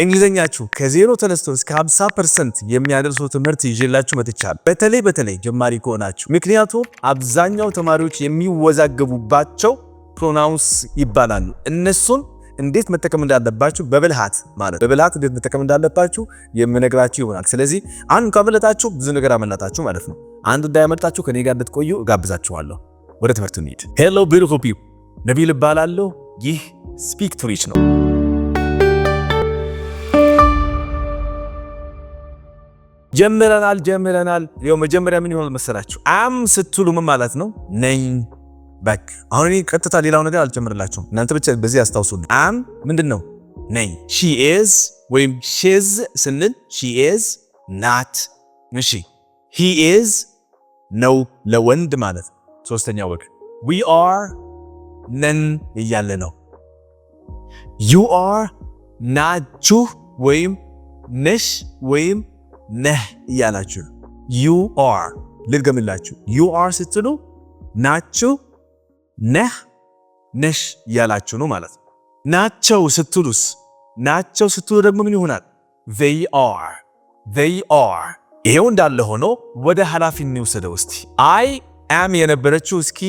እንግሊዘኛችሁ ከዜሮ ተነስቶ እስከ 50 ፐርሰንት የሚያደርሰው ትምህርት ይዤላችሁ መጥቻለሁ። በተለይ በተለይ ጀማሪ ከሆናችሁ፣ ምክንያቱም አብዛኛው ተማሪዎች የሚወዛገቡባቸው ፕሮናውንስ ይባላሉ። እነሱን እንዴት መጠቀም እንዳለባችሁ በብልሃት ማለት በብልሃት እንዴት መጠቀም እንዳለባችሁ የምነግራችሁ ይሆናል። ስለዚህ አንዱን ካመለጣችሁ ብዙ ነገር አመለጣችሁ ማለት ነው። አንዱ እንዳያመልጣችሁ ከኔ ጋር እንድትቆዩ እጋብዛችኋለሁ። ወደ ትምህርቱ እንሂድ። ሄሎ ቢሩኮፒ ነቢል እባላለሁ። ይህ ስፒክ ቱ ሪች ነው። ጀምረናል ጀምረናል። ይኸው መጀመሪያ ምን ይሆናል መሰላችሁ? አም ስትሉ ምን ማለት ነው? ነኝ በክ አሁን እኔ ቀጥታ ሌላው ነገር አልጀምርላችሁም፣ እናንተ ብቻ በዚህ አስታውሱልኝ። አም ምንድን ነው? ነኝ። ሺ ኢዝ ወይም ሺዝ ስንል ሺ ኢዝ ናት። እሺ ሂ ኢዝ ነው ለወንድ ማለት ነው፣ ሶስተኛ ወገን። ዊ አር ነን እያለ ነው። ዩ አር ናችሁ ወይም ነሽ ወይም ነህ እያላችሁ ነው። ዩ አር ልድገምላችሁ። ዩ አር ስትሉ ናችሁ፣ ነህ፣ ነሽ እያላችሁ ነው ማለት ነው። ናቸው ስትሉስ ናቸው ስትሉ ደግሞ ምን ይሆናል? ዜይ አር ዜይ አር። ይሄው እንዳለ ሆኖ ወደ ኃላፊ እንውሰደው እስቲ። አይ አም የነበረችው እስኪ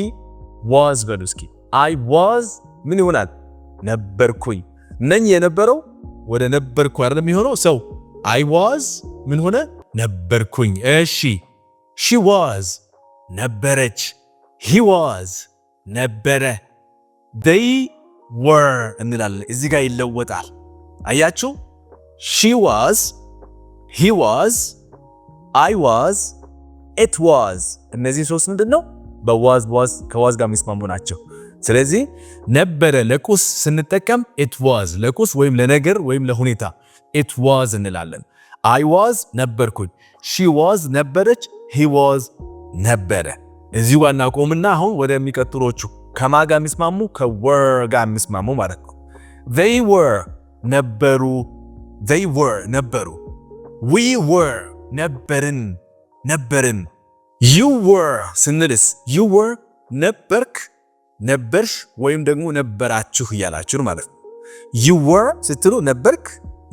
ዋዝ በሉ እስኪ። አይ ዋዝ ምን ይሆናል? ነበርኩኝ። ነኝ የነበረው ወደ ነበርኩ አይደለም የሚሆነው ሰው አይ ዋዝ ምን ሆነ ነበርኩኝ። እሺ ሺ ዋዝ ነበረች፣ ሂ ዋዝ ነበረ፣ ዴይ ወር እንላለን። እዚህ ጋር ይለወጣል። አያችሁ ሺ ዋዝ፣ ሂ ዋዝ፣ አይ ዋዝ፣ ኢት ዋዝ። እነዚህ ሶስት ምንድን ነው በዋዝ በዋዝ ከዋዝ ጋር የሚስማሙ ናቸው። ስለዚህ ነበረ ለቁስ ስንጠቀም ኢት ዋዝ ለቁስ ወይም ለነገር ወይም ለሁኔታ ኢት ዋዝ እንላለን። አይ ዋዝ ነበርኩኝ፣ ሺ ዋዝ ነበረች፣ ሂ ዋዝ ነበረ። እዚ ዋና ቆምና አሁን ወደሚቀጥሎቹ ከማ ጋር የሚስማሙ ከወር ጋር የሚስማሙ ማለት ነው። ዜይ ወር ነበሩ፣ ወር ነበሩ፣ ዊ ወር ነበርን፣ ነበርን። ዩ ወር ስንልስ ዩ ወር ነበርክ ነበርሽ ወይም ደግሞ ነበራችሁ እያላችሁ ማለት ነው። ዩወር ስትሉ ነበርክ፣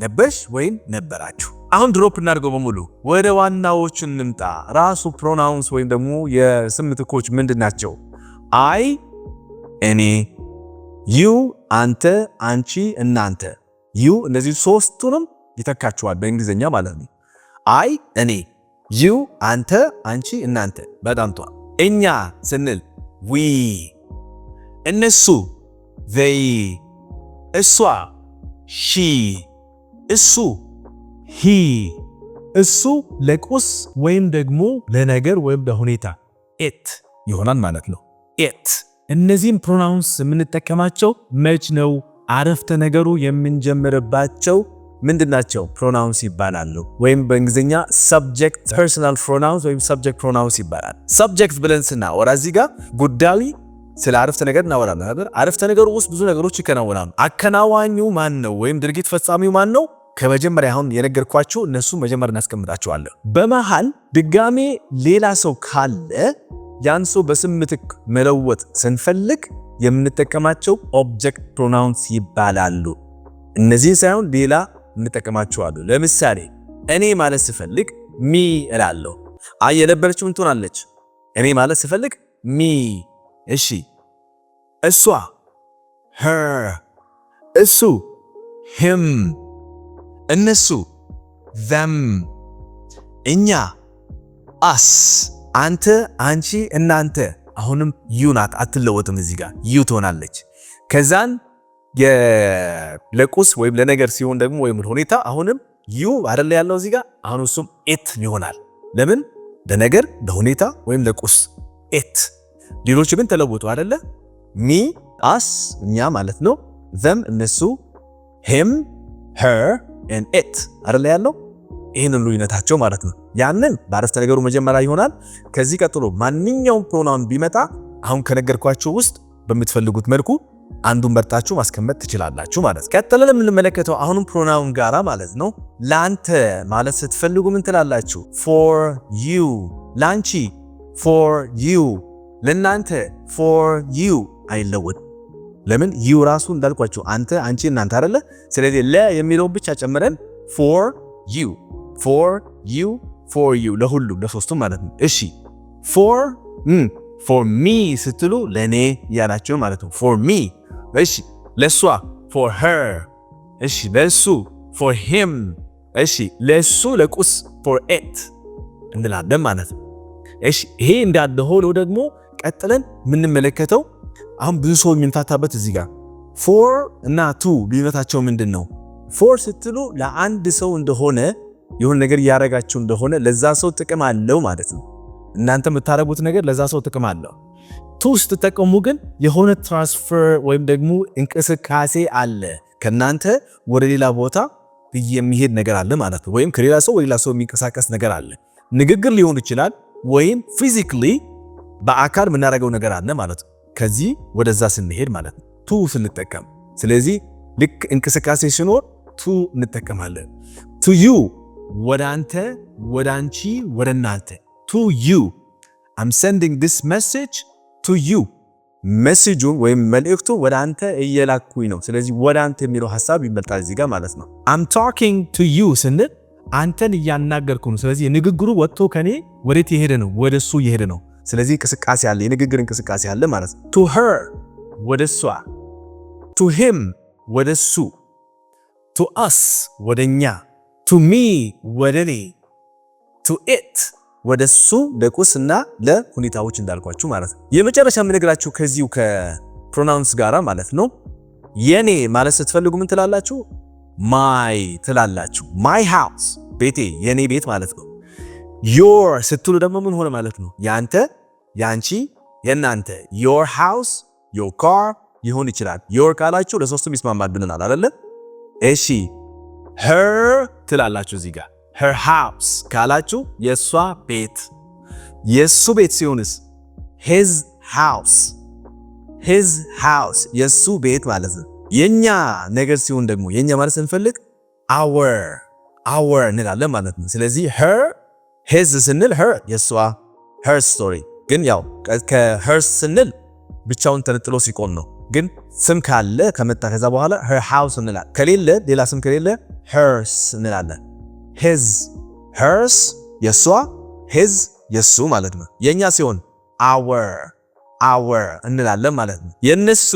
ነበርሽ ወይም ነበራችሁ። አሁን ድሮፕ እናድርገው በሙሉ ወደ ዋናዎቹ እንምጣ። ራሱ ፕሮናውንስ ወይም ደግሞ የስም ምትኮች ምንድን ናቸው? አይ እኔ፣ ዩ አንተ፣ አንቺ፣ እናንተ። ዩ እነዚህ ሶስቱንም ይተካችኋል በእንግሊዝኛ ማለት ነው። አይ እኔ፣ ዩ አንተ፣ አንቺ፣ እናንተ። በጣም ቷ እኛ ስንል ዊ እነሱ ዘይ እሷ ሺ እሱ ሂ እሱ ለቁስ ወይም ደግሞ ለነገር ወይም ለሁኔታ ኤት ይሆናል ማለት ነው። ኤት እነዚህም ፕሮናውንስ የምንጠቀማቸው መች ነው? አረፍተ ነገሩ የምንጀምርባቸው ናቸው ፕሮናውንስ ይባላሉ። ወይም በእንግሊዝኛ ሰብጀክት ፐርሰናል ፕሮናውንስ ወይም ሰብጀክት ፕሮናውንስ ይባላል። ሰብጀክት ብለን ስናወራ እዚህ ጋር ጉዳይ ስለ አረፍተ ነገር እናወራለን አይደል? አረፍተ ነገር ውስጥ ብዙ ነገሮች ይከናወናሉ። አከናዋኙ ማን ነው? ወይም ድርጊት ፈጻሚው ማን ነው? ከመጀመሪያ አሁን የነገርኳቸው እነሱ መጀመር እናስቀምጣቸዋለን። በመሃል ድጋሜ ሌላ ሰው ካለ ያን ሰው በስም ምትክ መለወጥ ስንፈልግ የምንጠቀማቸው ኦብጀክት ፕሮናውንስ ይባላሉ። እነዚህ ሳይሆን ሌላ እንጠቀማቸዋለን። ለምሳሌ እኔ ማለት ስፈልግ ሚ እላለሁ። አይ የነበረችው እኔ ማለት ስፈልግ ሚ እሺ እሷ ሄር፣ እሱ ሂም፣ እነሱ ዘም፣ እኛ አስ፣ አንተ፣ አንቺ፣ እናንተ። አሁንም ዩ ናት፣ አትለወጥም። እዚህ ጋር ዩ ትሆናለች። ከዛን ለቁስ ወይም ለነገር ሲሆን ደግሞ ወይም ሁኔታ አሁንም ዩ አይደለ ያለው እዚህ ጋር። አሁን እሱም ኤት ይሆናል። ለምን ለነገር ለሁኔታ ወይም ለቁስ ኤት ሌሎች ግን ተለወጡ አይደለ? ሚ አስ እኛ ማለት ነው። ዘም እነሱ፣ ሂም ሄር ን ኢት አደለ ያለው ይህንን ልዩነታቸው ማለት ነው። ያንን በአረፍተ ነገሩ መጀመሪያ ይሆናል። ከዚህ ቀጥሎ ማንኛውም ፕሮናውን ቢመጣ አሁን ከነገርኳቸው ውስጥ በምትፈልጉት መልኩ አንዱን መርጣችሁ ማስቀመጥ ትችላላችሁ ማለት ነው። ቀጥለን የምንመለከተው አሁንም ፕሮናውን ጋራ ማለት ነው። ለአንተ ማለት ስትፈልጉ ምን ትላላችሁ? ፎር ዩ፣ ላንቺ፣ ፎር ዩ ለእናንተ ፎር ዩ አይለወጥም። ለምን ዩ ራሱ እንዳልኳቸው አንተ፣ አንቺ፣ እናንተ አይደለ? ስለዚህ ለ የሚለውን ብቻ ጨምረን ፎር ዩ ፎር ዩ ፎር ዩ ለሁሉም ለሶስቱም ማለት ነው። እሺ ፎር ፎር ሚ ስትሉ ለእኔ እያላቸው ማለት ነው። ፎር ሚ እሺ፣ ለእሷ ፎር ሄር እሺ፣ ለእሱ ፎር ሂም እሺ፣ ለእሱ ለቁስ ፎር ኤት እንላለን ማለት ነው። እሺ ይሄ እንዳለ ሆኖ ደግሞ ቀጥለን የምንመለከተው አሁን ብዙ ሰው የሚንታታበት እዚህ ጋር ፎር እና ቱ ልዩነታቸው ምንድን ነው? ፎር ስትሉ ለአንድ ሰው እንደሆነ የሆነ ነገር እያደረጋችሁ እንደሆነ ለዛ ሰው ጥቅም አለው ማለት ነው። እናንተ የምታደረጉት ነገር ለዛ ሰው ጥቅም አለው። ቱ ስትጠቀሙ ግን የሆነ ትራንስፈር ወይም ደግሞ እንቅስቃሴ አለ ከእናንተ ወደ ሌላ ቦታ የሚሄድ ነገር አለ ማለት ነው። ወይም ከሌላ ሰው ወደ ሌላ ሰው የሚንቀሳቀስ ነገር አለ። ንግግር ሊሆን ይችላል ወይም ፊዚክሊ በአካል የምናደርገው ነገር አለ ማለት ነው። ከዚህ ወደዛ ስንሄድ ማለት ነው ቱ ስንጠቀም። ስለዚህ ልክ እንቅስቃሴ ሲኖር ቱ እንጠቀማለን። ቱ ዩ ወደ አንተ፣ ወደ አንቺ፣ ወደ እናንተ። ቱ ዩ አም ሰንዲንግ ዲስ መሴጅ ቱ ዩ መሴጁ ወይም መልእክቱ ወደ አንተ እየላኩኝ ነው። ስለዚህ ወደ አንተ የሚለው ሀሳብ ይመጣል እዚህ ጋር ማለት ነው። አም ታኪንግ ቱ ዩ ስንል አንተን እያናገርኩ ነው። ስለዚህ ንግግሩ ወጥቶ ከኔ ወዴት የሄደ ነው? ወደ እሱ የሄደ ነው። ስለዚህ እንቅስቃሴ አለ፣ የንግግር እንቅስቃሴ አለ ማለት ነው። ቱ ሄር ወደ እሷ፣ ቱ ሂም ወደ እሱ፣ ቱ አስ ወደ እኛ፣ ቱ ሚ ወደ እኔ፣ ቱ ኢት ወደ እሱ ለቁስ እና ለሁኔታዎች እንዳልኳችሁ ማለት ነው። የመጨረሻ የምነግራችሁ ከዚሁ ከፕሮናውንስ ጋራ ማለት ነው። የኔ ማለት ስትፈልጉ ምን ትላላችሁ? ማይ ትላላችሁ። ማይ ሃውስ ቤቴ፣ የኔ ቤት ማለት ነው። ዮር ስትሉ ደግሞ ምን ሆነ ማለት ነው? ያንተ ያንቺ፣ የእናንተ ዮር ሃውስ ዮር ካር ሊሆን ይችላል። ዮር ካላችሁ ለሶስቱም ይስማማል ብለናል አይደለ? እሺ ሄር ትላላችሁ እዚህ ጋር። ሄር ሃውስ ካላችሁ የእሷ ቤት የእሱ ቤት ሲሆንስ ሂዝ ሃውስ ሂዝ ሃውስ የእሱ ቤት ማለት ነው። የእኛ ነገር ሲሆን ደግሞ የእኛ ማለት ስንፈልግ አወር አወር እንላለን ማለት ነው። ስለዚህ ሄር ሂዝ ስንል ሄር የእሷ ሄር ስቶሪ ግን ያው ከሄርስ ስንል ብቻውን ተነጥሎ ሲቆም ነው። ግን ስም ካለ ከመጣ ከዛ በኋላ ሄር ሃውስ እንላለን። ከሌለ ሌላ ስም ከሌለ ሄርስ እንላለን። ሂዝ ሄርስ የእሷ ሂዝ የእሱ ማለት ነው። የእኛ ሲሆን አወር አወር እንላለን ማለት ነው። የእነሱ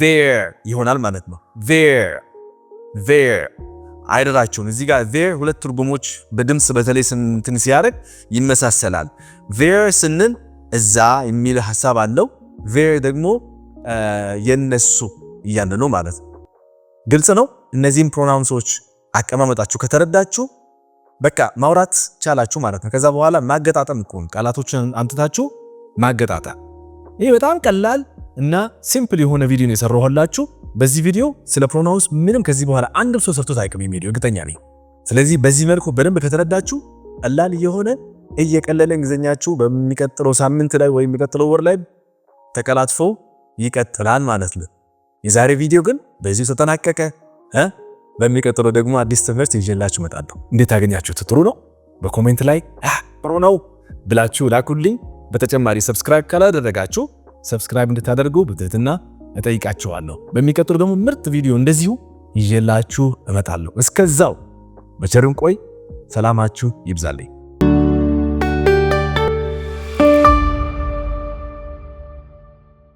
ዜር ይሆናል ማለት ነው። ዜር ዜር አይደራችሁን እዚህ ጋር ቬር ሁለት ትርጉሞች በድምፅ በተለይ ስንትን ሲያደርግ ይመሳሰላል። ቬር ስንል እዛ የሚል ሀሳብ አለው። ቬር ደግሞ የነሱ እያለ ነው ማለት ነው። ግልጽ ነው። እነዚህም ፕሮናውንሶች አቀማመጣችሁ ከተረዳችሁ በቃ ማውራት ቻላችሁ ማለት ነው። ከዛ በኋላ ማገጣጠም እኮ ቃላቶችን አምጥታችሁ ማገጣጠም። ይህ በጣም ቀላል እና ሲምፕል የሆነ ቪዲዮ ነው የሰራሁላችሁ። በዚህ ቪዲዮ ስለ ፕሮናውንስ ምንም ከዚህ በኋላ አንድም ሰው ሰርቶት አይቅም የሚሄደው እርግጠኛ ነኝ። ስለዚህ በዚህ መልኩ በደንብ ከተረዳችሁ ቀላል እየሆነ እየቀለለ እንግሊዝኛችሁ በሚቀጥለው ሳምንት ላይ ወይም የሚቀጥለው ወር ላይ ተቀላጥፎ ይቀጥላል ማለት ነው። የዛሬ ቪዲዮ ግን በዚህ ተጠናቀቀ። በሚቀጥለው ደግሞ አዲስ ትምህርት ይዤላችሁ እመጣለሁ። እንዴት አገኛችሁት? ጥሩ ነው? በኮሜንት ላይ ጥሩ ነው ብላችሁ ላኩልኝ። በተጨማሪ ሰብስክራይብ ካላደረጋችሁ ሰብስክራይብ እንድታደርጉ በትህትና እጠይቃችኋለሁ። በሚቀጥለው ደግሞ ምርጥ ቪዲዮ እንደዚሁ ይዤላችሁ እመጣለሁ። እስከዛው በቸርን ቆይ። ሰላማችሁ ይብዛልኝ።